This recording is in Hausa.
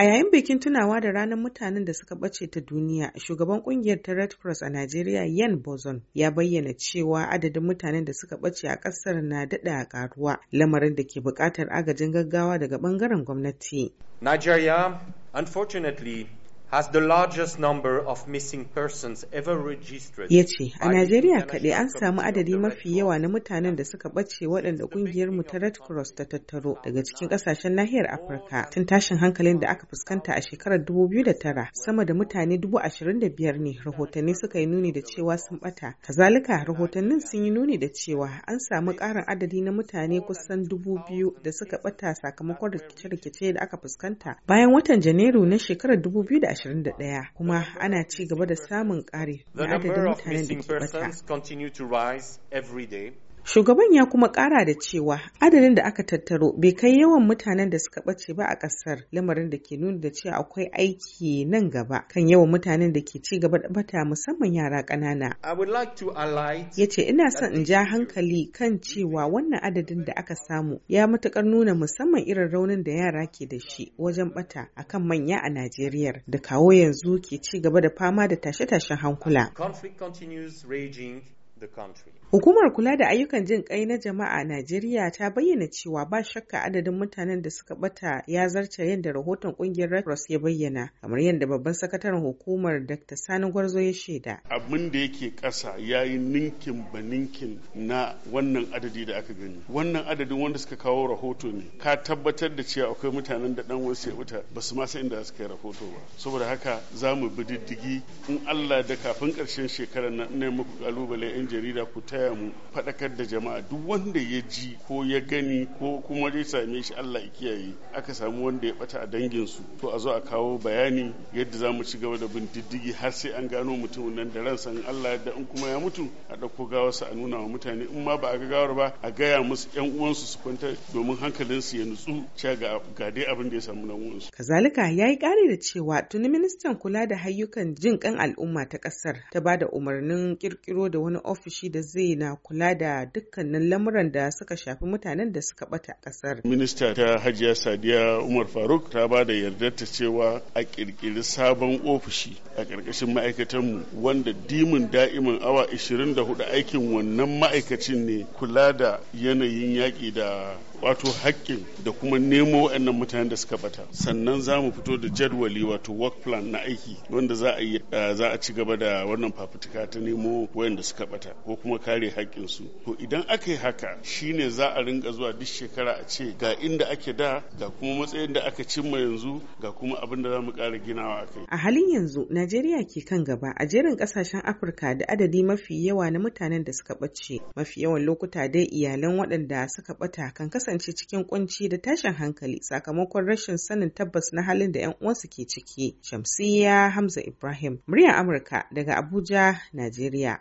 A yayin bikin tunawa da ranar mutanen da suka ɓace ta duniya, shugaban kungiyar ta Red Cross a Najeriya Yan Bozon ya bayyana cewa adadin mutanen da suka ɓace a ƙasar na daɗa ƙaruwa, lamarin da ke buƙatar agajin gaggawa daga ɓangaren gwamnati. Nigeria, unfortunately, Ya ce, a Najeriya kaɗai an samu adadi mafi yawa na mutanen da suka ɓace waɗanda ƙungiyar mu ta Red Cross ta tattaro daga cikin ƙasashen nahiyar Afirka tun tashin hankalin da aka fuskanta a shekarar 2009 sama da mutane biyar ne rahotanni suka yi nuni da cewa sun ɓata. Kazalika rahotannin sun yi nuni da cewa an samu ƙarin adadi na mutane kusan 2,000 da suka ɓata sakamakon rikice-rikice da aka fuskanta bayan watan Janairu na shekarar 2020. 2021 kuma ana ci gaba da samun ƙari na adadin mutanen da ke bata. Shugaban ya kuma kara da cewa adadin da aka tattaro bai kai yawan mutanen da suka bace ba a kasar lamarin da ke nuna da cewa akwai aiki nan gaba kan yawan mutanen da ke ci gaba da bata musamman yara ƙanana. Ya ce ina son in ja hankali kan cewa wannan adadin da aka samu ya matukar nuna musamman irin raunin da yara ke da shi wajen bata kan manya a Najeriya da kawo yanzu ke ci gaba da fama da tashe-tashen hankula. Hukumar kula da ayyukan jin kai na jama'a a Najeriya ta bayyana cewa ba shakka adadin mutanen da suka bata ya zarce yadda rahoton kungiyar Red Cross ya bayyana, kamar yadda babban sakataren hukumar Dr. Sani Gwarzo ya shaida. Abin da yake kasa ya yi ninkin ba ninkin na wannan adadi da aka gani. Wannan adadin wanda suka kawo rahoto ne, ka tabbatar da cewa akwai mutanen da dan wasu ya wuta ba su masa inda suka yi rahoto ba. Saboda haka za mu bi diddigi in Allah da kafin karshen shekarar nan ne muku kalubale jarida ku taya mu faɗakar da jama'a duk wanda ya ji ko ya gani ko kuma zai same shi Allah ya kiyaye aka samu wanda ya bata a dangin su to a zo a kawo bayani yadda za mu ci gaba da bin diddigi har sai an gano mutum nan da ransa Allah da in kuma ya mutu a ɗauko gawarsa a nuna wa mutane in ma ba a ga gawar ba a gaya musu yan uwansu su kwanta domin hankalinsu ya nutsu cewa ga ga dai abin da ya samu nan uwansu. Kazalika ya yi ƙari da cewa tuni ministan kula da hayyukan jin kan al'umma ta ƙasar ta ba da umarnin ƙirƙiro da wani ofis ofishi da zai na kula da dukkanin lamuran da suka shafi mutanen da suka bata kasar. Minista ta Hajiya Sadiya Umar Faruk ta ba da ta cewa a kirkiri sabon ofishi a ƙarƙashin ma'aikatanmu wanda dimin da'imin awa 24 aikin wannan ma'aikacin ne kula da yanayin yaƙi da wato hakkin da kuma nemo waɗannan mutanen da suka bata sannan za mu fito da jadwali wato work plan na aiki wanda za a yi eh, za a ci gaba da wannan fafutuka ta nemo waɗanda suka bata ko kuma kare hakkin su to idan aka yi haka shine za a ringa zuwa duk shekara a ce ga inda ake da ga kuma matsayin da aka cimma yanzu ga kuma abin da za mu ƙara ginawa a kai a halin yanzu Najeriya ke kan gaba a jerin kasashen Afirka da adadi mafi yawa na mutanen da suka ɓace mafi yawan lokuta dai iyalan waɗanda suka ɓata kan kasa kasance cikin kunci da tashin hankali sakamakon rashin sanin tabbas na halin da 'yan uwansu ke ciki. Shamsiyya Hamza Ibrahim, muryar Amurka daga Abuja, Najeriya.